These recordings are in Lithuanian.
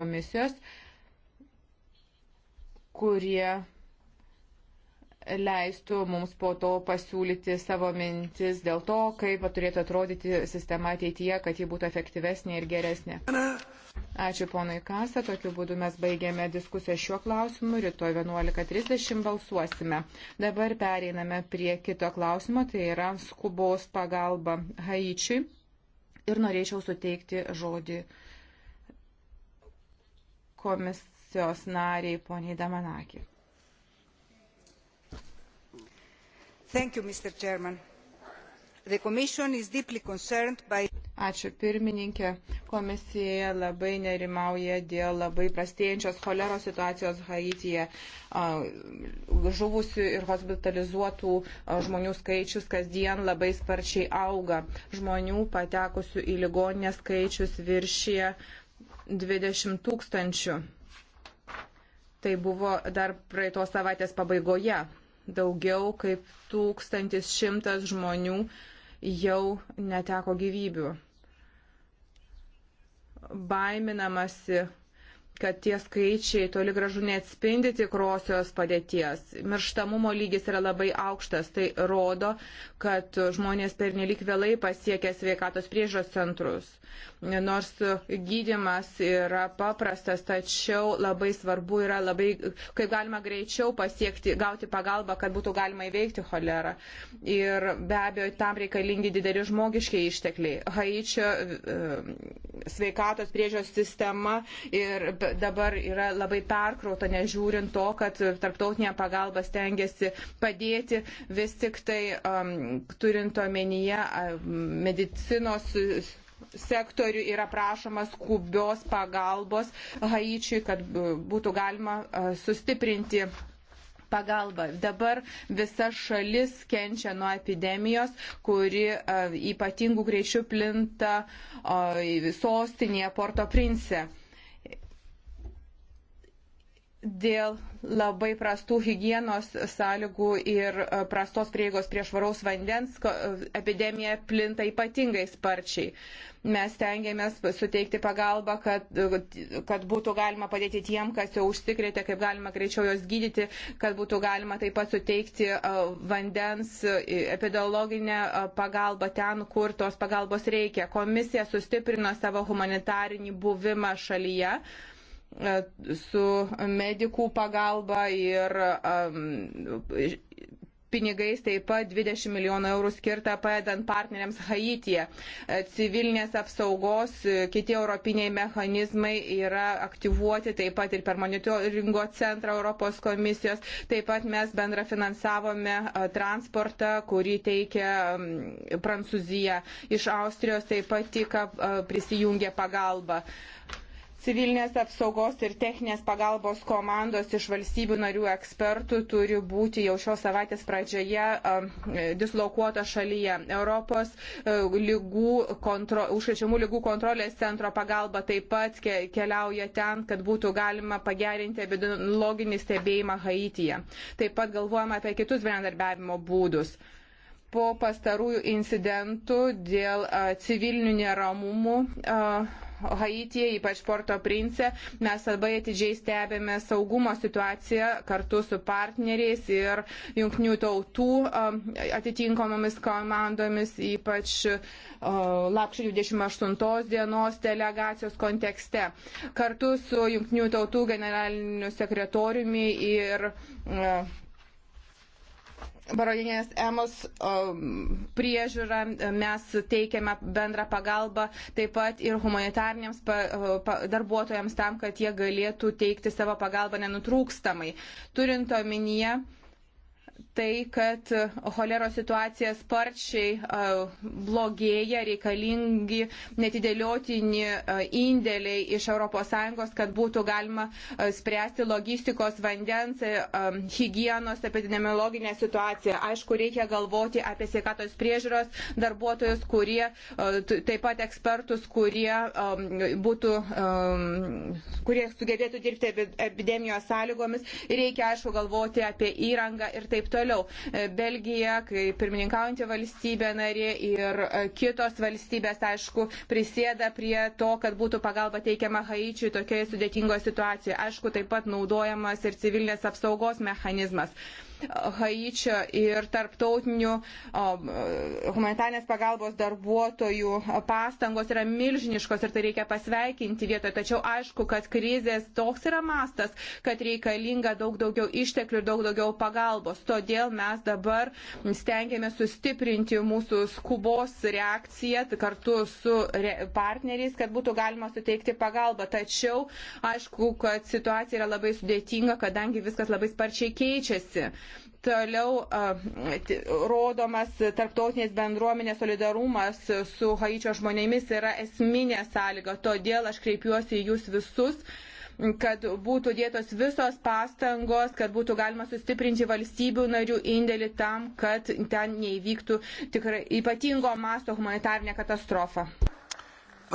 komisijos, kurie leistų mums po to pasiūlyti savo mintis dėl to, kaip turėtų atrodyti sistema ateityje, kad ji būtų efektyvesnė ir geresnė. Ačiū ponui Kasa, tokiu būdu mes baigėme diskusiją šiuo klausimu, rytoj 11.30 balsuosime. Dabar pereiname prie kito klausimo, tai yra skubos pagalba Haičiui ir norėčiau suteikti žodį komisijos nariai poniai Damanakį. Thank you, Mr. Chairman. The Commission is deeply concerned by Ačiū pirmininkė. Komisija labai nerimauja dėl labai prastėjančios choleros situacijos Haityje. Žuvusių ir hospitalizuotų žmonių skaičius kasdien labai sparčiai auga. Žmonių patekusių į ligoninę skaičius viršyje 20 tūkstančių. Tai buvo dar praeitos savaitės pabaigoje. Daugiau kaip 1100 žmonių jau neteko gyvybių. Baiminamasi kad tie skaičiai toli gražu neatspindi tikrosios padėties. Mirštamumo lygis yra labai aukštas, tai rodo, kad žmonės pernelik vėlai pasiekia sveikatos priežos centrus. Nors gydimas yra paprastas, tačiau labai svarbu yra labai, kaip galima greičiau pasiekti, gauti pagalbą, kad būtų galima įveikti cholerą. Ir be abejo, tam reikalingi dideli žmogiškiai ištekliai. Haičio e, sveikatos priežos sistema ir dabar yra labai perkrauta, nežiūrint to, kad tarptautinė pagalba stengiasi padėti, vis tik tai um, turint omenyje um, medicinos sektorių yra prašomas skubios pagalbos Haičiui, kad uh, būtų galima uh, sustiprinti pagalba. Dabar visa šalis kenčia nuo epidemijos, kuri uh, ypatingų greičių plinta sostinėje Porto Prince dėl labai prastų hygienos sąlygų ir e, prastos prieigos prie švaraus vandens e, epidemija plinta ypatingai sparčiai. Mes tengiamės suteikti pagalbą, kad, e, kad būtų galima padėti tiem, kas jau užsikrėtė, kaip galima greičiau jos gydyti, kad būtų galima taip pat suteikti vandens epidemiologinę pagalbą ten, kur tos pagalbos reikia. Komisija sustiprino savo humanitarinį buvimą šalyje. E, su medikų pagalba ir pinigais taip pat 20 milijonų eurų skirta padedant partneriams Haityje. E, civilinės apsaugos, e, kiti europiniai mechanizmai yra aktyvuoti taip pat ir per monitoringo centrą Europos komisijos. Taip pat mes bendrafinansavome transportą, kurį teikia Prancūzija. Iš Austrijos taip pat tik prisijungė pagalba civilinės apsaugos ir techninės pagalbos komandos iš valstybių narių ekspertų turi būti jau šios savaitės pradžioje um, dislokuota šalyje. Europos e, lygų kontro, užkrečiamų lygų kontrolės centro pagalba taip pat keliauja ten, kad būtų galima pagerinti epidemiologinį stebėjimą Haityje. Taip pat galvojama apie kitus bendradarbiavimo būdus po pastarųjų incidentų dėl civilinių neramumų Haityje, ypač Porto Prince, mes labai atidžiai stebėme saugumo situaciją kartu su partneriais ir jungtinių tautų atitinkomomis komandomis, ypač lapkričio 28 dienos delegacijos kontekste. Kartu su jungtinių tautų generaliniu sekretoriumi ir Baronienės Emos priežiūra, mes teikiame bendrą pagalbą taip pat ir humanitarniams darbuotojams tam, kad jie galėtų teikti savo pagalbą nenutrūkstamai. Turint omenyje, tai, kad choleros situacija sparčiai blogėja, reikalingi netidėliotini indėliai iš ES, kad būtų galima spręsti logistikos vandens, hygienos, epidemiologinę situaciją. Aišku, reikia galvoti apie sveikatos priežiūros darbuotojus, kurie taip pat ekspertus, kurie, būtų, kurie sugebėtų dirbti epidemijos sąlygomis. Reikia, aišku, galvoti apie įrangą ir taip toliau toliau. E, Belgija, kaip pirmininkaujantį valstybę narė ir e, kitos valstybės, aišku, prisėda prie to, kad būtų pagalba teikiama Haičiui tokioje sudėtingoje situacijoje. Aišku, taip pat naudojamas ir civilinės apsaugos mechanizmas. Haičio ir tarptautinių humanitarnės pagalbos darbuotojų pastangos yra milžiniškos ir tai reikia pasveikinti vietoje. Tačiau aišku, kad krizės toks yra mastas, kad reikalinga daug daugiau išteklių ir daug daugiau pagalbos. Todėl mes dabar stengiame sustiprinti mūsų skubos reakciją kartu su partneriais, kad būtų galima suteikti pagalbą. Tačiau aišku, kad situacija yra labai sudėtinga, kadangi viskas labai sparčiai keičiasi. Toliau rodomas tarptautinės bendruomenės solidarumas su Haičio žmonėmis yra esminė sąlyga. Todėl aš kreipiuosi į jūs visus kad būtų dėtos visos pastangos, kad būtų galima sustiprinti valstybių narių indėlį tam, kad ten neįvyktų tikrai ypatingo masto humanitarinė katastrofa.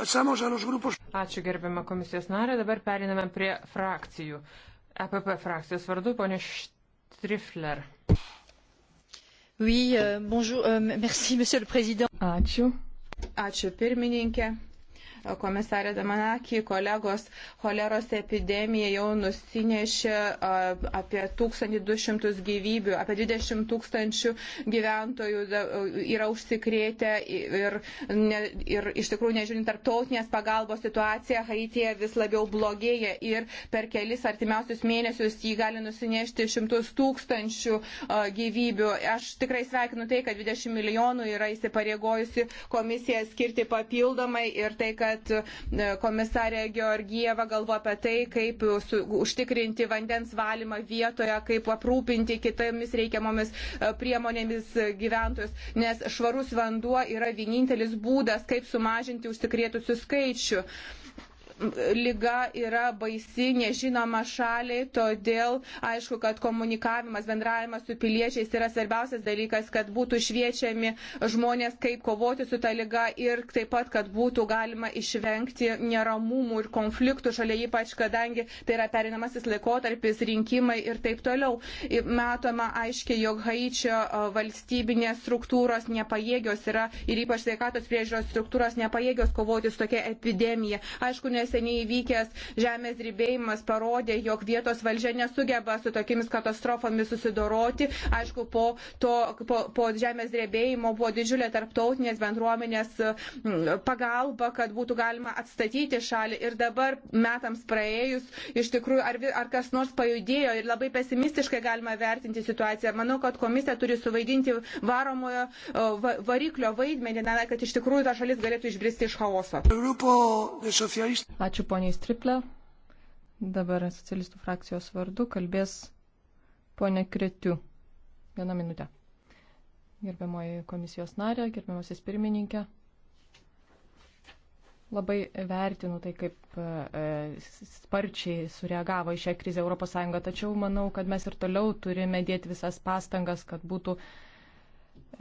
Ačiū gerbiamą komisijos narę, dabar periname prie frakcijų. EPP frakcijos vardu, ponė Št Trifler. Oui, euh, bonjour, euh, merci, monsieur le président. Ačiū. Ačiū pirmininkė komisarė Damanakį, kolegos, choleros epidemija jau nusinešė apie 1200 gyvybių, apie 20 tūkstančių gyventojų yra užsikrėtę ir, ne, ir iš tikrųjų, nežiūrint tarptautinės pagalbos situacija Haitėje vis labiau blogėja ir per kelis artimiausius mėnesius jį gali nusinešti šimtus tūkstančių gyvybių. Aš tikrai sveikinu tai, kad 20 milijonų yra įsipareigojusi komisija skirti papildomai ir tai, kad pat e, komisarė Georgieva galvo apie tai, kaip su, užtikrinti vandens valymą vietoje, kaip aprūpinti kitomis reikiamomis e, priemonėmis gyventojus, nes švarus vanduo yra vienintelis būdas, kaip sumažinti užsikrėtusių skaičių lyga yra baisi, nežinoma šaliai, todėl aišku, kad komunikavimas, bendravimas su piliečiais yra svarbiausias dalykas, kad būtų šviečiami žmonės, kaip kovoti su ta lyga ir taip pat, kad būtų galima išvengti neramumų ir konfliktų šalia, ypač kadangi tai yra perinamasis laikotarpis, rinkimai ir taip toliau. Matoma aiškiai, jog Haičio valstybinės struktūros nepajėgios yra ir ypač sveikatos priežiūros struktūros nepajėgios kovoti su tokia epidemija. Aišku, nes neseniai įvykęs žemės drebėjimas parodė, jog vietos valdžia nesugeba su tokiamis katastrofomis susidoroti. Aišku, po, to, po, po žemės drebėjimo buvo didžiulė tarptautinės bendruomenės pagalba, kad būtų galima atstatyti šalį. Ir dabar metams praėjus, iš tikrųjų, ar, ar kas nors pajudėjo ir labai pesimistiškai galima vertinti situaciją. Manau, kad komisija turi suvaidinti varomojo va, variklio vaidmenį, na, kad iš tikrųjų ta šalis galėtų išbristi iš chaoso. Ačiū poniai Striplė. Dabar socialistų frakcijos vardu kalbės ponė Kretiu. Vieną minutę. Gerbiamoji komisijos narė, gerbiamasis pirmininkė. Labai vertinu tai, kaip e, sparčiai sureagavo į šią krizę ES, tačiau manau, kad mes ir toliau turime dėti visas pastangas, kad būtų uh,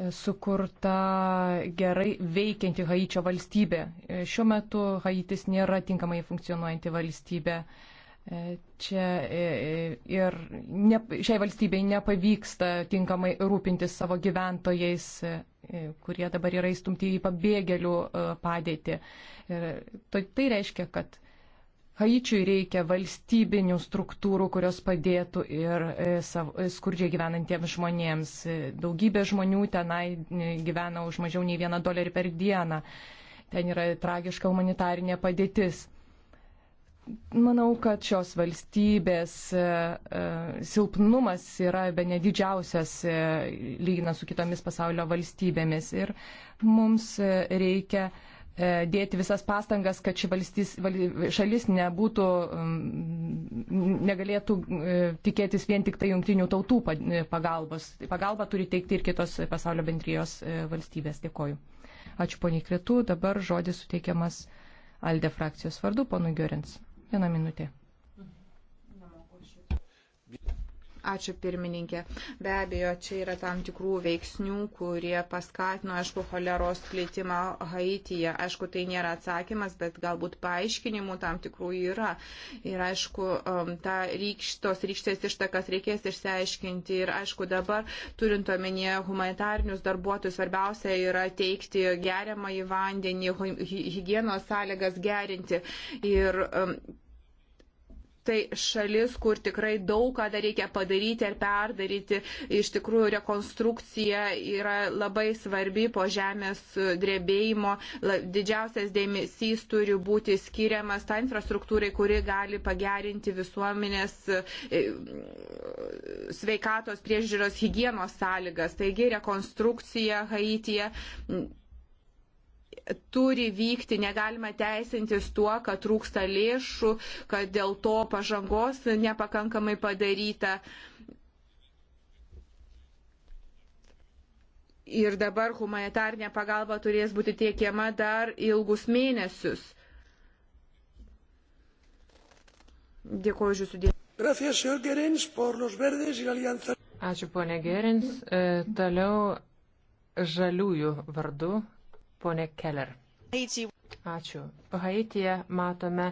sukurta gerai veikianti Haičio valstybė. E, šiuo metu Haitis nėra tinkamai funkcionuojanti valstybė. E, čia e, ir ne, šiai valstybei nepavyksta tinkamai rūpintis savo gyventojais, kurie dabar yra įstumti į pabėgėlių padėtį. Ir tai reiškia, kad Haičiui reikia valstybinių struktūrų, kurios padėtų ir e, e, skurdžiai gyvenantiems žmonėms. E, daugybė žmonių tenai gyvena už mažiau nei vieną dolerį per dieną. Ten yra tragiška humanitarinė padėtis. Manau, kad šios valstybės silpnumas yra be nedidžiausias lyginant su kitomis pasaulio valstybėmis. Ir mums reikia E, dėti visas pastangas, kad ši valstys, šalis nebūtų, negalėtų e, tikėtis vien tik tai jungtinių tautų e, pagalbos. Pagalba turi teikti ir kitos pasaulio bendrijos valstybės. Dėkoju. Ačiū poniai Kretų. Dabar žodis suteikiamas Alde frakcijos vardu, ponui Görins. Vieną minutę. Ačiū pirmininkė. Be abejo, čia yra tam tikrų veiksnių, kurie paskatino, aišku, choleros plėtimą Haityje. Aišku, tai nėra atsakymas, bet galbūt paaiškinimų tam tikrų yra. Ir aišku, um, ta rykš, tos rykštės ištakas reikės išsiaiškinti. Ir aišku, dabar, turint omenyje humanitarinius darbuotojus, svarbiausia yra teikti geriamą į vandenį, hygienos sąlygas gerinti. Ir, um, Tai šalis, kur tikrai daug ką dar reikia padaryti ar perdaryti, iš tikrųjų rekonstrukcija yra labai svarbi po žemės drebėjimo. Didžiausias dėmesys turi būti skiriamas tą tai infrastruktūrai, kuri gali pagerinti visuomenės e, sveikatos priežiūros hygienos sąlygas. Taigi rekonstrukcija Haityje turi vykti, negalima teisintis tuo, kad trūksta lėšų, kad dėl to pažangos nepakankamai padaryta. Ir dabar humanitarnė pagalba turės būti tiekiama dar ilgus mėnesius. Dėkuoju už jūsų dėmesį. Ačiū, ponė Gerins. E, toliau žaliųjų vardu Pone Keller. Ačiū. Haityje matome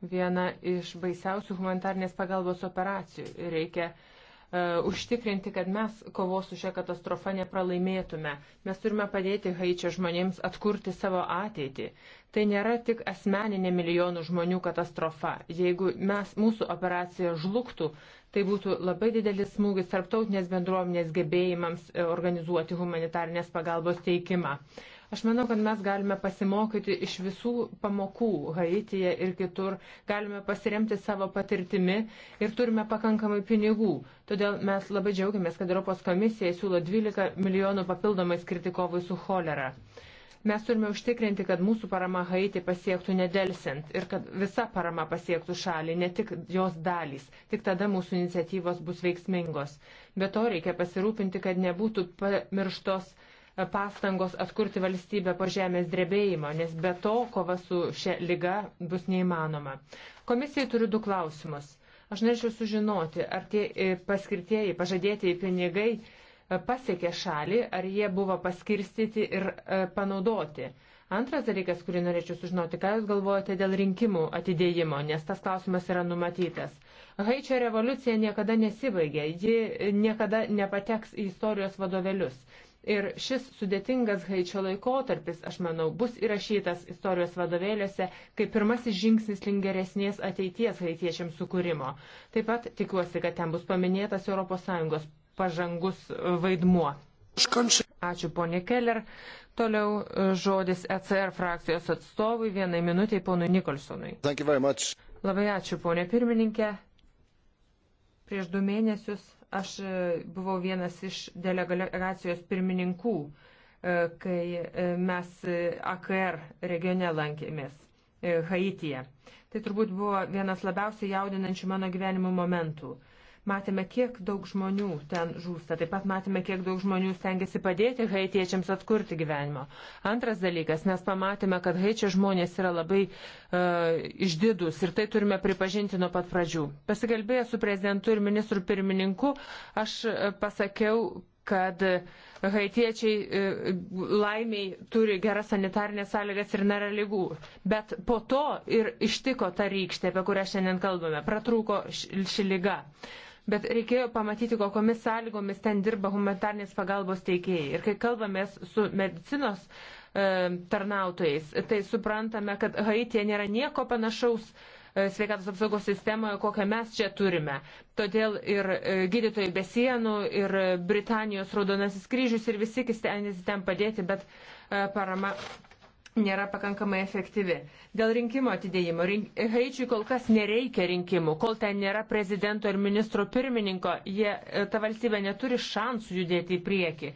vieną iš baisiausių humanitarnės pagalbos operacijų. Reikia uh, užtikrinti, kad mes kovos su šią katastrofą nepralaimėtume. Mes turime padėti Haičio žmonėms atkurti savo ateitį. Tai nėra tik asmeninė milijonų žmonių katastrofa. Jeigu mes, mūsų operacija žlugtų, tai būtų labai didelis smūgis tarptautinės bendruomenės gebėjimams e, organizuoti humanitarnės pagalbos teikimą. Aš manau, kad mes galime pasimokyti iš visų pamokų Haityje ir kitur, galime pasiremti savo patirtimi ir turime pakankamai pinigų. Todėl mes labai džiaugiamės, kad Europos komisija siūlo 12 milijonų papildomai skirti kovai su cholera mes turime užtikrinti, kad mūsų parama Haiti pasiektų nedelsint ir kad visa parama pasiektų šalį, ne tik jos dalys. Tik tada mūsų iniciatyvos bus veiksmingos. Be to reikia pasirūpinti, kad nebūtų pamirštos pastangos atkurti valstybę po žemės drebėjimo, nes be to kova su šia lyga bus neįmanoma. Komisijai turiu du klausimus. Aš norėčiau sužinoti, ar tie e, paskirtieji, pažadėtieji pinigai e, pasiekė šalį, ar jie buvo paskirstyti ir e, panaudoti. Antras dalykas, kurį norėčiau sužinoti, ką Jūs galvojate dėl rinkimų atidėjimo, nes tas klausimas yra numatytas. Haičio revoliucija niekada nesibaigė, ji niekada nepateks į istorijos vadovėlius. Ir šis sudėtingas haičio laikotarpis, aš manau, bus įrašytas istorijos vadovėliuose kaip pirmasis žingsnis link geresnės ateities haitiečiams sukūrimo. Taip pat tikiuosi, kad ten bus paminėtas ES pažangus vaidmuo. Ačiū ponė Keller. Toliau e, žodis ECR frakcijos atstovui vienai minutiai ponui Nikolsonui. Labai ačiū ponė pirmininkė. Prieš du mėnesius Aš e, buvau vienas iš delegacijos pirmininkų, e, kai e, mes AKR regione lankėmės Haityje. Tai turbūt buvo vienas labiausiai jaudinančių mano gyvenimo momentų. Matėme, kiek daug žmonių ten žūsta. Taip pat matėme, kiek daug žmonių stengiasi padėti haitiečiams atkurti gyvenimą. Antras dalykas, mes pamatėme, kad haičio žmonės yra labai uh, e, išdidus ir tai turime pripažinti nuo pat pradžių. Pasikalbėję su prezidentu ir ministru pirmininku, aš e, pasakiau kad e, haitiečiai laimiai turi geras sanitarnės sąlygas ir nėra lygų. Bet po to ir ištiko ta rykštė, apie kurią šiandien kalbame, pratrūko ši lyga. Ši bet reikėjo pamatyti, kokomis sąlygomis ten dirba humanitarnės pagalbos teikėjai. Ir kai kalbamės su medicinos e, tarnautojais, tai suprantame, kad Haitija nėra nieko panašaus e, sveikatos apsaugos sistemoje, kokią mes čia turime. Todėl ir e, gydytojai be sienų, ir Britanijos raudonasis kryžius, ir visi stengiasi ten padėti, bet e, parama nėra pakankamai efektyvi. Dėl rinkimo atidėjimo. Rink... Haičiui kol kas nereikia rinkimų. Kol ten nėra prezidento ir ministro pirmininko, jie, e, ta valstybė neturi šansų judėti į priekį.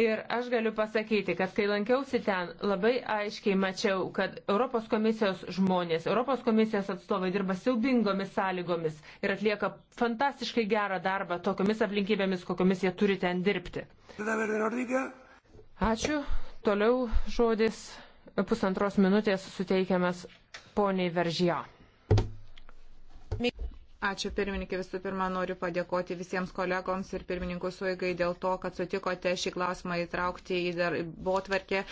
Ir aš galiu pasakyti, kad kai lankiausi ten, labai aiškiai mačiau, kad Europos komisijos žmonės, Europos komisijos atstovai dirba siaubingomis sąlygomis ir atlieka fantastiškai gerą darbą tokiomis aplinkybėmis, kokiamis jie turi ten dirbti. Ačiū. Toliau žodis pusantros minutės suteikiamas poniai Veržija. Ačiū pirmininkė. Visų pirma, noriu padėkoti visiems kolegoms ir pirmininkų suigai dėl to, kad sutikote šį klausimą įtraukti į darbo tvarkę,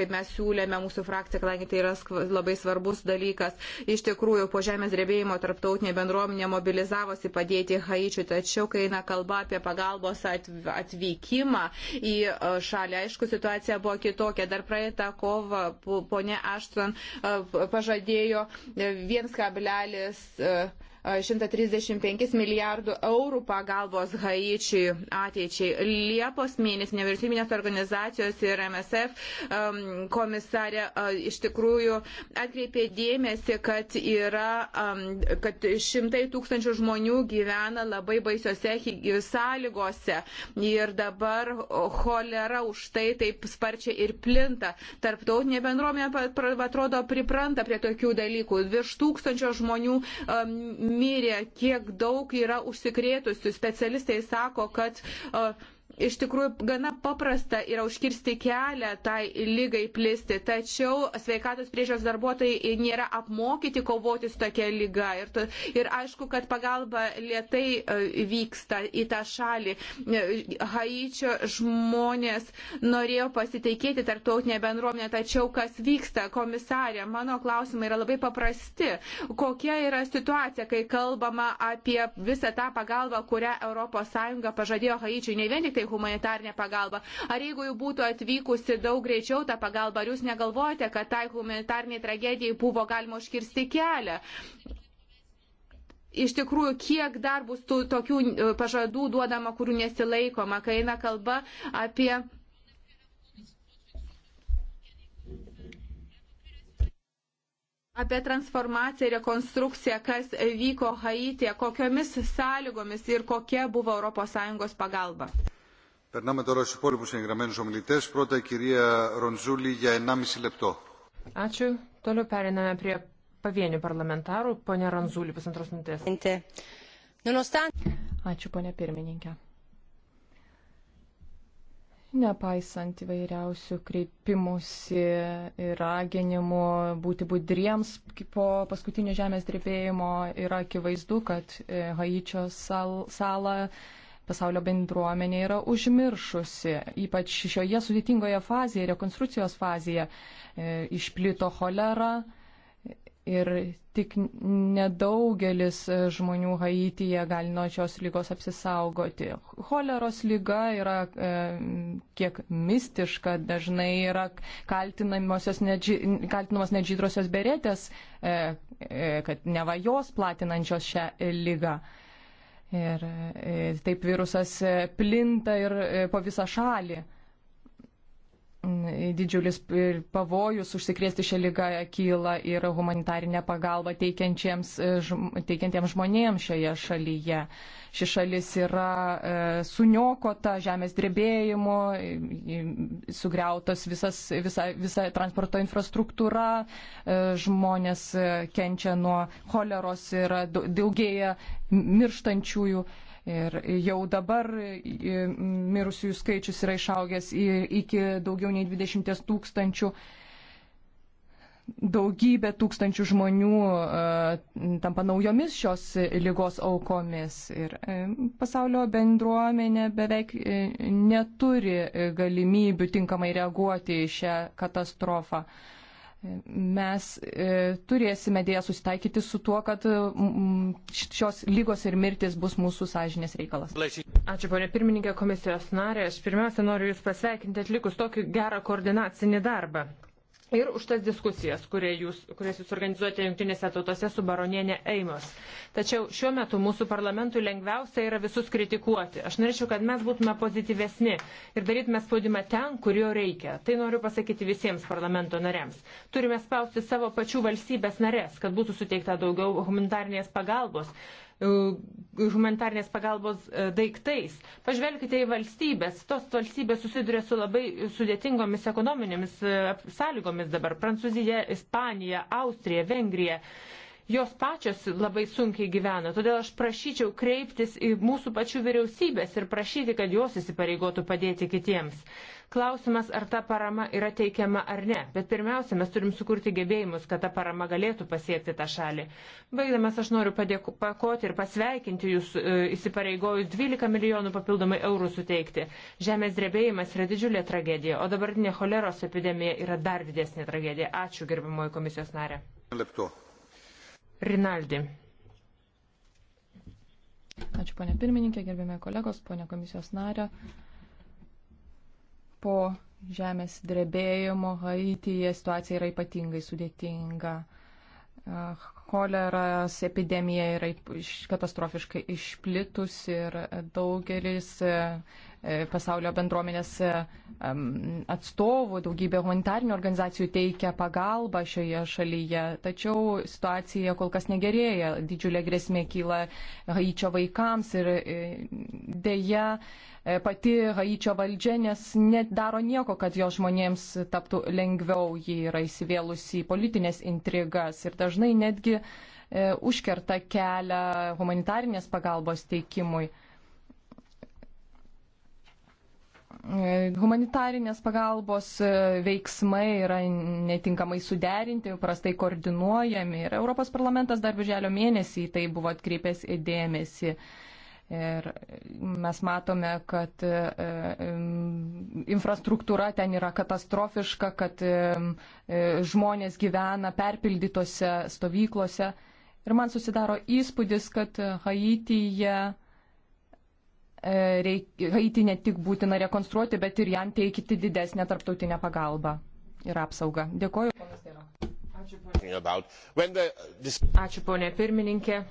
kaip mes siūlėme mūsų frakciją, kadangi tai yra labai svarbus dalykas. Iš tikrųjų, po žemės drebėjimo tarptautinė bendruomenė mobilizavosi padėti Haičiui, tačiau kai eina kalba apie pagalbos atvykimą į šalį, aišku, situacija buvo kitokia. Dar praeitą kovą ponė Aštron pažadėjo 1,5 135 milijardų eurų pagalbos Haičiui ateičiai. Liepos mėnesį nevyriausybinės organizacijos ir MSF um, komisarė uh, iš tikrųjų atkreipė dėmesį, kad yra, um, kad šimtai tūkstančių žmonių gyvena labai baisiose sąlygose ir dabar cholera už tai taip sparčiai ir plinta. Tarptautinė bendruomenė atrodo pripranta prie tokių dalykų. Virš tūkstančio žmonių um, mirė, kiek daug yra užsikrėtusių. Specialistai sako, kad uh, iš tikrųjų gana paprasta yra užkirsti kelią tai lygai plisti, tačiau sveikatos priežios darbuotojai nėra apmokyti kovoti su tokia lyga. Ir, to, ir aišku, kad pagalba lietai e, vyksta į tą šalį. E, Haičio žmonės norėjo pasiteikėti tarptautinę bendruomenę, tačiau kas vyksta, komisarė, mano klausimai yra labai paprasti. Kokia yra situacija, kai kalbama apie visą tą pagalbą, kurią ES pažadėjo Haičiui? Ne vien tik tai greitai humanitarinė pagalba. Ar jeigu jau būtų atvykusi daug greičiau ta pagalba, ar jūs negalvojate, kad tai humanitarniai tragedijai buvo galima užkirsti kelią? iš tikrųjų, kiek dar bus tų tokių e, pažadų duodama, kurių nesilaikoma, kai eina kalba apie. Apie transformaciją ir rekonstrukciją, kas vyko Haitie, kokiomis sąlygomis ir kokia buvo ES pagalba. Περνάμε τώρα στους υπόλοιπους εγγραμμένους ομιλητές. Πρώτα η κυρία Ροντζούλη για 1,5 λεπτό. Ačiū. Toliau periname prie pavienių parlamentarų. Pone Ranzulį, pusantros minutės. Ačiū, ponė pirmininkė. Nepaisant įvairiausių kreipimusi ir raginimų būti budriems po paskutinio žemės drebėjimo, yra akivaizdu, kad e, Haičio sal, salą pasaulio bendruomenė yra užmiršusi. Ypač šioje sudėtingoje fazėje, rekonstrukcijos fazėje, e, išplito cholera ir tik nedaugelis e, žmonių Haityje gali nuo šios lygos apsisaugoti. Choleros lyga yra e, kiek mistiška, dažnai yra nedži, kaltinamos nedžydrosios beretės, e, e, kad neva jos platinančios šią lygą. E, Ir e, taip virusas e, plinta ir e, po visą šalį didžiulis pavojus užsikrėsti šią lygą kyla ir humanitarinę pagalbą e, teikiantiems žmonėms šioje šalyje. Ši šalis yra e, suniokota žemės drebėjimo, sugriautos visas, visa, visa transporto infrastruktūra, e, žmonės kenčia nuo choleros ir daugėja mirštančiųjų Ir jau dabar mirusiųjų skaičius yra išaugęs iki daugiau nei 20 tūkstančių. Daugybė tūkstančių žmonių e, tampa naujomis šios lygos aukomis ir e, pasaulio bendruomenė beveik e, neturi galimybių tinkamai reaguoti į šią katastrofą mes e, turėsime dėja susitaikyti su tuo, kad e, šios lygos ir mirtis bus mūsų sąžinės reikalas. Ačiū, ponė pirmininkė komisijos narė. Aš pirmiausia noriu Jūs pasveikinti atlikus tokį gerą koordinacinį darbą ir už tas diskusijas, jūs, kurias jūs organizuojate jungtinėse tautose su baronienė Eimos. Tačiau šiuo metu mūsų parlamentui lengviausia yra visus kritikuoti. Aš norėčiau, kad mes būtume pozityvesni ir darytume spaudimą ten, kur jo reikia. Tai noriu pasakyti visiems parlamento nariams. Turime spausti savo pačių valstybės narės, kad būtų suteikta daugiau humanitarnės pagalbos, E, humanitarnės pagalbos e, daiktais. Pažvelkite į valstybės. Tos valstybės susiduria su labai sudėtingomis ekonominėmis e, sąlygomis dabar. Prancūzija, Ispanija, Austrija, Vengrija jos pačios labai sunkiai gyvena. Todėl aš prašyčiau kreiptis į mūsų pačių vyriausybės ir prašyti, kad jos įsipareigotų padėti kitiems. Klausimas, ar ta parama yra teikiama ar ne. Bet pirmiausia, mes turim sukurti gebėjimus, kad ta parama galėtų pasiekti tą šalį. Baigdamas, aš noriu padėku, pakoti ir pasveikinti jūs e, įsipareigojus 12 milijonų papildomai eurų suteikti. Žemės drebėjimas yra didžiulė tragedija, o dabartinė choleros epidemija yra dar didesnė tragedija. Ačiū, gerbiamoji komisijos narė. Lepto. Rinaldi. Ačiū, ponė pirmininkė, gerbėme kolegos, ponė komisijos narė. Po žemės drebėjimo Haityje situacija yra ypatingai sudėtinga. Choleras epidemija yra katastrofiškai išplitusi ir daugelis E, pasaulio bendruomenės e, atstovų, daugybė humanitarinių organizacijų teikia pagalbą šioje šalyje, tačiau situacija kol kas negerėja, didžiulė grėsmė kyla Haičio vaikams ir e, dėja pati Haičio valdžia, nes nedaro nieko, kad jo žmonėms taptų lengviau, ji yra įsivėlusi į politinės intrigas ir dažnai netgi užkerta kelią humanitarinės pagalbos teikimui. Humanitarinės pagalbos e, veiksmai yra netinkamai suderinti, prastai koordinuojami ir Europos parlamentas dar birželio mėnesį į tai buvo atkreipęs įdėmėsi. Ir mes matome, kad e, e, infrastruktūra ten yra katastrofiška, kad žmonės gyvena perpildytose stovyklose. Ir man susidaro įspūdis, kad Haityje E, Haiti ne tik būtina rekonstruoti, bet ir jam teikti didesnę tarptautinę pagalbą ir apsaugą. Dėkoju. Ačiū, ponė, Ačiū, ponė pirmininkė.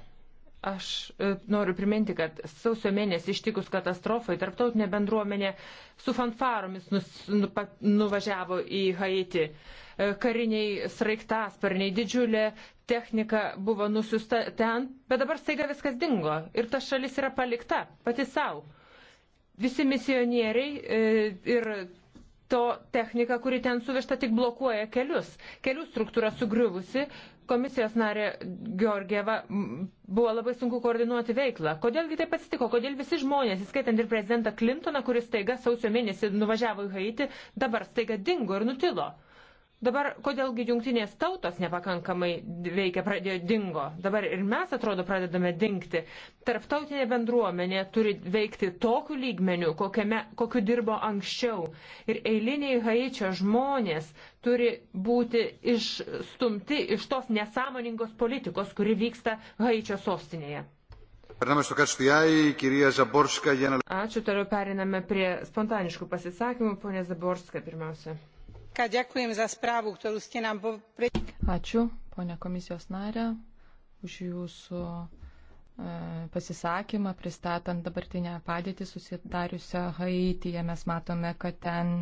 Aš e, noriu priminti, kad sausio mėnesį ištikus katastrofai tarptautinė bendruomenė su fanfaromis nus, nu, pa, nuvažiavo į Haiti. E, kariniai sraigtasparniai, didžiulė technika buvo nusiusta ten, bet dabar staiga viskas dingo ir ta šalis yra palikta pati savo. Visi misionieriai e, ir to technika, kuri ten suvišta, tik blokuoja kelius. Kelių struktūra sugriuvusi. Komisijos narė Georgieva buvo labai sunku koordinuoti veiklą. Kodėlgi taip atsitiko? Kodėl visi žmonės, įskaitant ir prezidentą Clintoną, kuris staiga sausio mėnesį nuvažiavo į Haitį, dabar staiga dingo ir nutilo? Dabar kodėlgi jungtinės tautos nepakankamai veikia, pradėjo dingo. Dabar ir mes, atrodo, pradedame dingti. Tarptautinė bendruomenė turi veikti tokiu lygmeniu, kokiame, kokiu dirbo anksčiau. Ir eiliniai haičio žmonės turi būti išstumti iš tos nesąmoningos politikos, kuri vyksta haičio sostinėje. Ačiū, toliau periname prie spontaniškų pasisakymų. Pone Zaborska pirmiausia. Ďakujem za správu, ktorú ste nám... Ačiū, ponia komisijos narė, už jūsų e, pasisakymą, pristatant dabartinę padėtį susidariusią Haityje. Mes matome, kad ten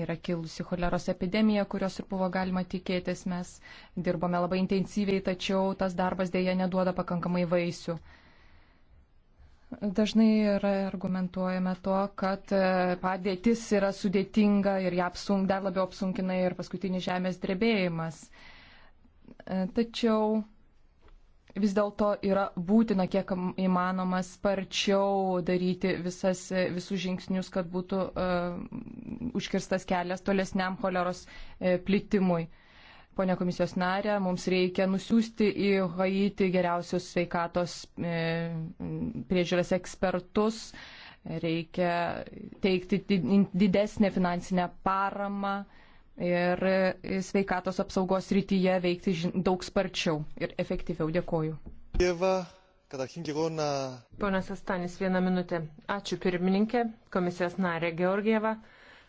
yra kilusi choleros epidemija, kurios ir buvo galima tikėtis. Mes dirbome labai intensyviai, tačiau tas darbas dėja neduoda pakankamai vaisių. Dažnai yra argumentuojama tuo, kad e, padėtis yra sudėtinga ir ją apsunk, dar labiau apsunkina ir paskutinis žemės drebėjimas. E, tačiau vis dėlto yra būtina kiek įmanoma sparčiau daryti visas, e, visus žingsnius, kad būtų uh, užkirstas kelias tolesniam choleros uh, plitimui. Uh, Pone komisijos narė, mums reikia nusiųsti į Haiti geriausius sveikatos e, priežiūros ekspertus, reikia teikti didesnę finansinę paramą ir e, sveikatos apsaugos rytyje veikti daug sparčiau ir efektyviau. Dėkoju. Dieva. Καταρχήν και εγώ να. Πόνε Αστάνη, μία μινούτε. Ačiū pirmininkė, komisijos narė Georgieva.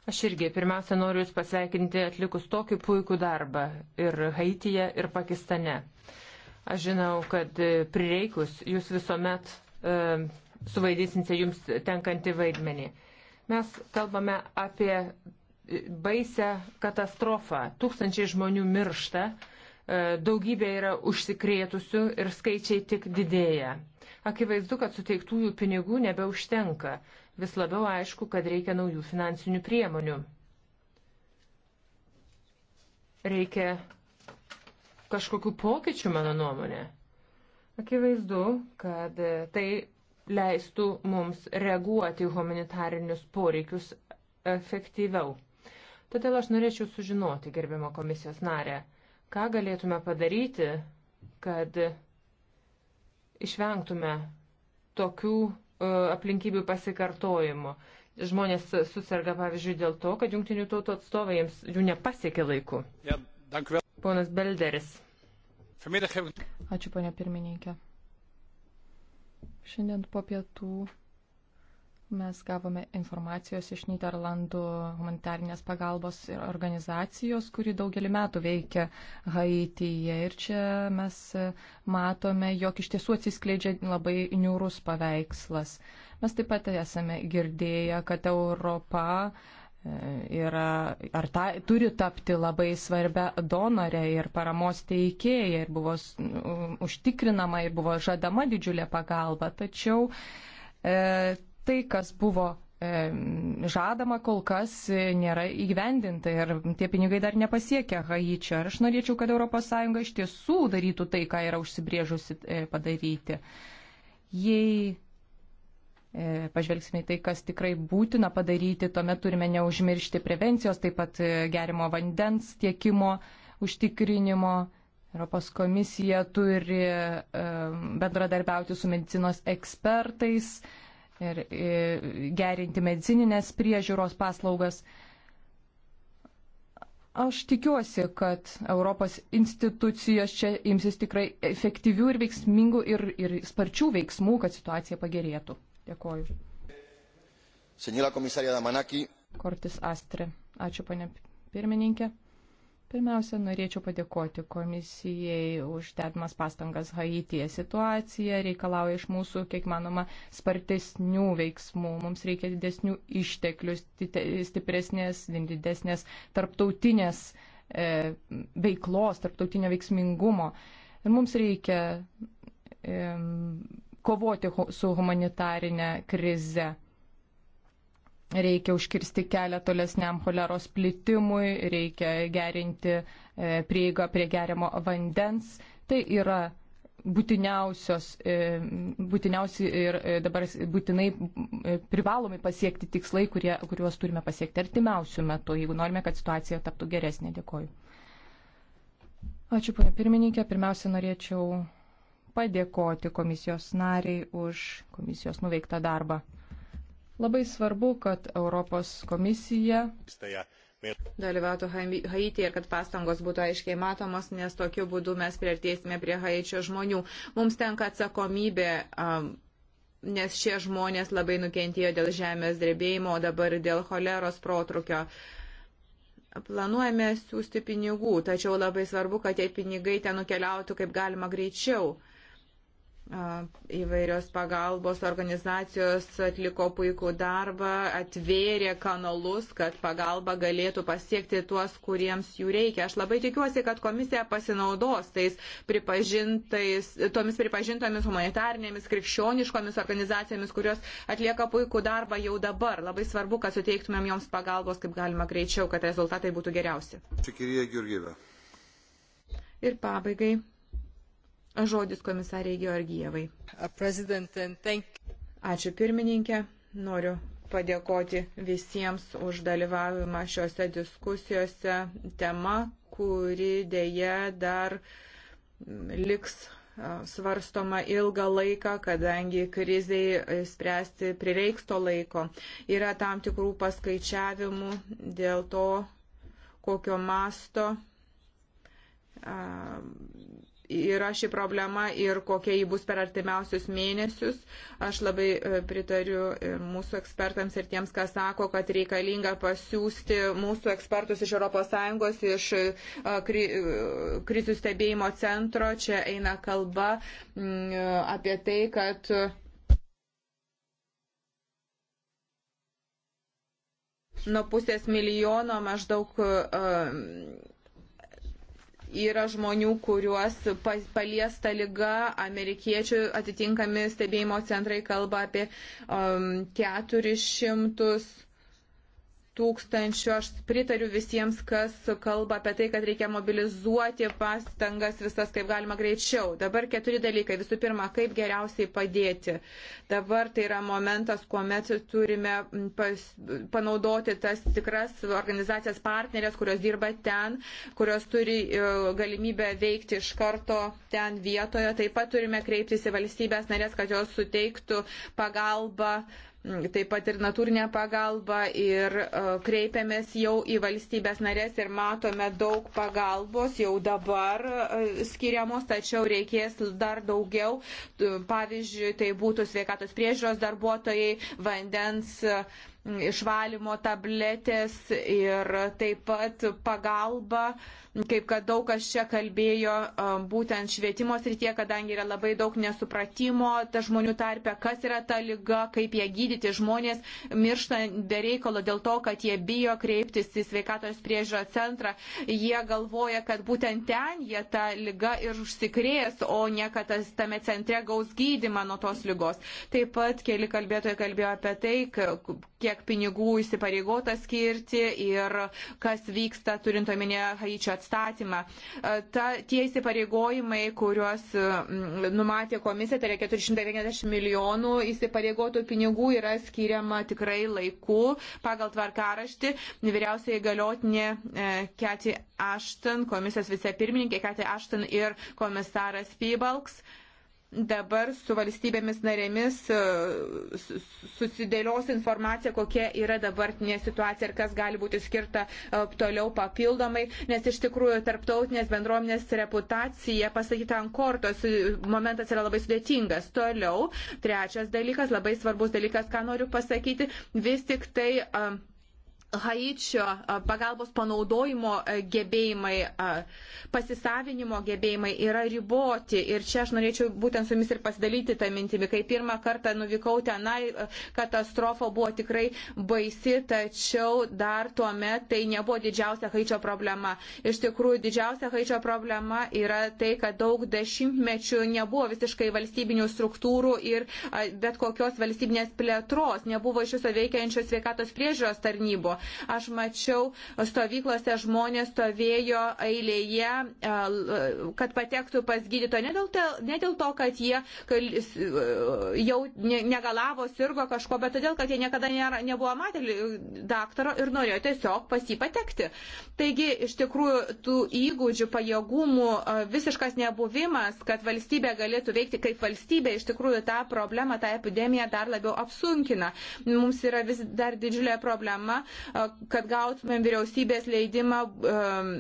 Aš irgi pirmiausia noriu Jūs pasveikinti atlikus tokį puikų darbą ir Haityje, ir Pakistane. Aš žinau, kad e, prireikus Jūs visuomet e, suvaidysinsite Jums tenkantį vaidmenį. Mes kalbame apie e, baisę katastrofą. Tūkstančiai žmonių miršta, e, daugybė yra užsikrėtusių ir skaičiai tik didėja. Akivaizdu, kad suteiktųjų pinigų nebeužtenka vis labiau aišku, kad reikia naujų finansinių priemonių. Reikia kažkokių pokyčių, mano nuomonė. Akivaizdu, kad tai leistų mums reaguoti humanitarinius poreikius efektyviau. Todėl aš norėčiau sužinoti, gerbimo komisijos narė, ką galėtume padaryti, kad išvengtume tokių E, aplinkybių pasikartojimo. Žmonės susirga, pavyzdžiui, dėl to, kad jungtinių tautų atstovai jiems jų nepasiekė laiku. Ja, Ponas Belderis. Ačiū, ponia pirmininkė. Šiandien po pietų Mes gavome informacijos iš Niderlandų humanitarinės pagalbos organizacijos, kuri daugelį metų veikia Haityje. Ir čia mes matome, jog iš tiesų atsiskleidžia labai niūrus paveikslas. Mes taip pat esame girdėję, kad Europa e, yra, ar ta, turi tapti labai svarbia donorė ir paramos teikėja ir buvo užtikrinama ir buvo žadama didžiulė pagalba. Tačiau e, tai, kas buvo žadama kol kas e, nėra įgyvendinta ir tie pinigai dar nepasiekia Haičio. Aš norėčiau, kad ES iš tiesų darytų tai, ką yra užsibrėžusi e, padaryti. Jei e, pažvelgsime į tai, kas tikrai būtina padaryti, tuomet turime neužmiršti prevencijos, taip pat gerimo vandens tiekimo užtikrinimo. Europos komisija turi bendradarbiauti su medicinos ekspertais, uh, ir e, gerinti medicininės priežiūros paslaugas. Aš tikiuosi, kad Europos institucijos čia imsis tikrai efektyvių ir veiksmingų ir, ir sparčių veiksmų, kad situacija pagerėtų. Dėkoju. Senila komisarė Damanaki. Kortis Astre. Ačiū, panė pirmininkė. Pirmiausia, norėčiau padėkoti komisijai už dedamas pastangas Haityje. Situacija reikalauja iš mūsų, kiek manoma, spartesnių veiksmų. Mums reikia didesnių išteklių, stipresnės, didesnės tarptautinės e, veiklos, tarptautinio veiksmingumo. Ir mums reikia e, kovoti su humanitarinė krize Reikia užkirsti kelią tolesniam choleros plitimui, reikia gerinti e, prieigą prie geriamo vandens. Tai yra būtiniausios, e, būtiniausi ir e, dabar būtinai privalomi pasiekti tikslai, kurie, kuriuos turime pasiekti artimiausių metų, jeigu norime, kad situacija taptų geresnė. Dėkoju. Ačiū, ponia pirmininkė. Pirmiausia, norėčiau padėkoti komisijos nariai už komisijos nuveiktą darbą. Labai svarbu, kad Europos komisija dalyvautų Haiti ir kad pastangos būtų aiškiai matomos, nes tokiu būdu mes priartėsime prie Haičio žmonių. Mums tenka atsakomybė. Um, Nes šie žmonės labai nukentėjo dėl žemės drebėjimo, o dabar dėl choleros protrukio. Planuojame siūsti pinigų, tačiau labai svarbu, kad tie pinigai ten nukeliautų kaip galima greičiau. Įvairios pagalbos organizacijos atliko puikų darbą, atvėrė kanalus, kad pagalba galėtų pasiekti tuos, kuriems jų reikia. Aš labai tikiuosi, kad komisija pasinaudos tais pripažintais, tomis pripažintomis humanitarnėmis, krikščioniškomis organizacijomis, kurios atlieka puikų darbą jau dabar. Labai svarbu, kad suteiktumėm joms pagalbos kaip galima greičiau, kad rezultatai būtų geriausi. Ir pabaigai Žodis komisariai Georgijevai. Uh, Ačiū pirmininkė. Noriu padėkoti visiems už dalyvavimą šiuose diskusijose. Tema, kuri dėje dar mm, liks uh, svarstoma ilgą laiką, kadangi kriziai e, spręsti prireiks to laiko. Yra tam tikrų paskaičiavimų dėl to, kokio masto yra ši problema ir kokia jį bus per artimiausius mėnesius. Aš labai e, pritariu e, mūsų ekspertams ir tiems, kas sako, kad reikalinga pasiūsti mūsų ekspertus iš ES, iš e, kri, krizių stebėjimo centro. Čia eina kalba mm, apie tai, kad nuo pusės milijono maždaug uh, Yra žmonių, kuriuos paliesta lyga, amerikiečių atitinkami stebėjimo centrai kalba apie um, 400 tūkstančių. Aš pritariu visiems, kas kalba apie tai, kad reikia mobilizuoti pastangas visas kaip galima greičiau. Dabar keturi dalykai. Visų pirma, kaip geriausiai padėti. Dabar tai yra momentas, kuomet turime pas, panaudoti tas tikras organizacijas partnerės, kurios dirba ten, kurios turi e, galimybę veikti iš karto ten vietoje. Taip pat turime kreiptis į valstybės narės, kad jos suteiktų pagalbą Mm, taip pat ir natūrinę pagalbą ir e, kreipiamės jau į valstybės narės ir matome daug pagalbos jau dabar e, skiriamos, tačiau reikės dar daugiau. Pavyzdžiui, tai būtų sveikatos priežiūros darbuotojai, vandens e, išvalymo tabletės ir taip pat pagalba, kaip kad daug kas čia kalbėjo, būtent švietimo srityje, kadangi yra labai daug nesupratimo ta žmonių tarpe, kas yra ta lyga, kaip ją gydyti. Žmonės miršta be reikalo dėl to, kad jie bijo kreiptis į sveikatos priežiūro centrą. Jie galvoja, kad būtent ten jie tą lygą ir užsikrės, o ne kad tas tame centre gaus gydimą nuo tos lygos. Taip pat keli kalbėtojai kalbėjo apie tai, kiek kiek pinigų įsipareigota skirti ir kas vyksta turint omenyje Haičio atstatymą. E, ta, tie įsipareigojimai, kuriuos mm, numatė komisija, tai yra 450 milijonų įsipareigotų pinigų, yra skiriama tikrai laiku pagal tvarkaraštį. Vyriausiai galiotinė Keti Ashton, komisijos vicepirmininkė Keti Ashton ir komisaras Pybalks. Uh, dabar su valstybėmis narėmis e, susidėlios informacija, kokia yra dabartinė situacija ir kas gali būti skirta e, toliau papildomai, nes iš tikrųjų tarptautinės bendruomenės reputacija pasakyta ant kortos, e, momentas yra labai sudėtingas. Toliau, trečias dalykas, labai svarbus dalykas, ką noriu pasakyti, vis tik tai. Um, Haičio pagalbos panaudojimo gebėjimai, pasisavinimo gebėjimai yra riboti. Ir čia aš norėčiau būtent su jumis ir pasidalyti tą mintimį. Kai pirmą kartą nuvykau tenai, katastrofa buvo tikrai baisi, tačiau dar tuo metu tai nebuvo didžiausia Haičio problema. Iš tikrųjų, didžiausia Haičio problema yra tai, kad daug dešimtmečių nebuvo visiškai valstybinių struktūrų ir bet kokios valstybinės plėtros, nebuvo iš viso veikiančios sveikatos priežiūros tarnybos gyvenimo. Aš mačiau, stovyklose žmonės stovėjo eilėje, e, kad patektų pas gydytoją. Ne dėl, to, ne dėl to, kad jie e, jau negalavo, sirgo kažko, bet todėl, kad jie niekada nėra, nebuvo matę daktaro ir norėjo tiesiog pas jį patekti. Taigi, iš tikrųjų, tų įgūdžių, pajėgumų e, visiškas nebuvimas, kad valstybė galėtų veikti kaip valstybė, iš tikrųjų tą problemą, tą epidemiją dar labiau apsunkina. Mums yra vis dar didžiulė problema kad gautumėm vyriausybės leidimą um,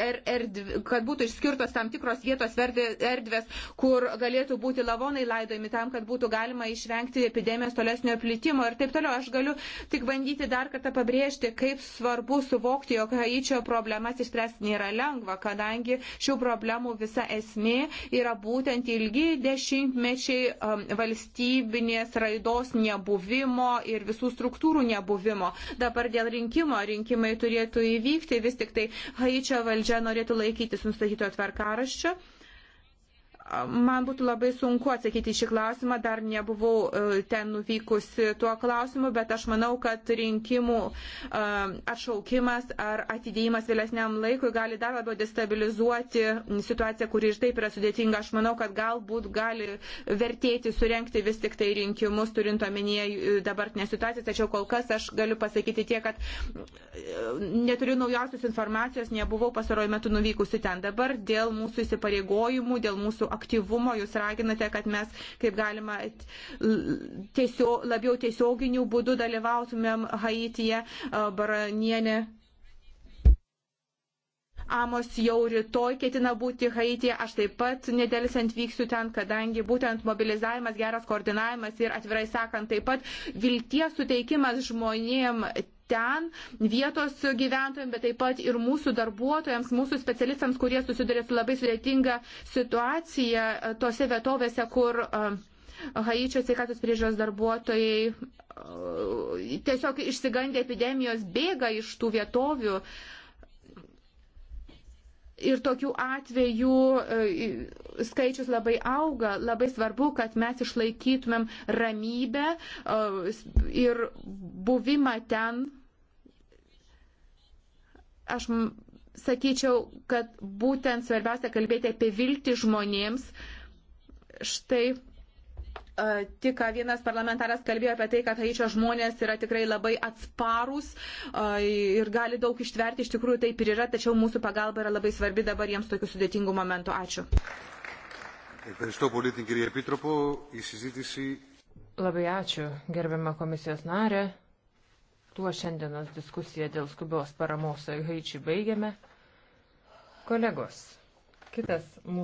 er, erdv, kad būtų išskirtos tam tikros vietos erdvės, kur galėtų būti lavonai laidojami tam, kad būtų galima išvengti epidemijos tolesnio plitimo ir taip toliau. Aš galiu tik bandyti dar kartą pabrėžti, kaip svarbu suvokti, jog Haičio problemas išspręsti nėra lengva, kadangi šių problemų visa esmė yra būtent ilgi dešimtmečiai um, valstybinės raidos nebuvimo ir visų struktūrų nebuvimo. Dabar dėl rinkimo rinkimai turėtų įvykti, vis tik tai Haičio Haičio valdžia norėtų laikytis nustatyto tvarkaraščio. Man būtų labai sunku atsakyti šį klausimą, dar nebuvau e, ten nuvykusi tuo klausimu, bet aš manau, kad rinkimų e, atšaukimas ar atidėjimas vėlesniam laikui gali dar labiau destabilizuoti situaciją, kuri ir taip yra sudėtinga. Aš manau, kad galbūt gali vertėti surenkti vis tik tai rinkimus, turint omenyje e, dabartinę situaciją, tačiau kol kas aš galiu pasakyti tiek, kad neturiu naujausios informacijos, nebuvau pasarojų metų nuvykusi ten dabar dėl mūsų įsipareigojimų, dėl mūsų aktyvumo, jūs raginate, kad mes kaip galima tiesio, labiau tiesioginių būdų dalyvautumėm Haityje. Baranienė Amos jau rytoj ketina būti Haityje, aš taip pat nedėlisant vyksiu ten, kadangi būtent mobilizavimas, geras koordinavimas ir atvirai sakant taip pat vilties suteikimas žmonėm ten vietos gyventojams, bet taip pat ir mūsų darbuotojams, mūsų specialistams, kurie susiduria su labai sudėtinga situacija tose vietovėse, kur Haičio sveikatos priežiūros darbuotojai tiesiog išsigandė epidemijos bėga iš tų vietovių. Uh, Ir tokių atvejų e, skaičius labai auga. Labai svarbu, kad mes išlaikytumėm ramybę e, ir buvimą ten. Aš sakyčiau, kad būtent svarbiausia kalbėti apie viltį žmonėms. Štai Tik vienas parlamentaras kalbėjo apie tai, kad Haičio žmonės yra tikrai labai atsparūs ir gali daug ištverti, iš tikrųjų taip ir yra, tačiau mūsų pagalba yra labai svarbi dabar jiems tokių sudėtingų momentų. Ačiū. Labai ačiū, gerbiama komisijos narė. Tuo šiandienos diskusiją dėl skubios paramos Haičiai baigiame. Kolegos, kitas mūsų.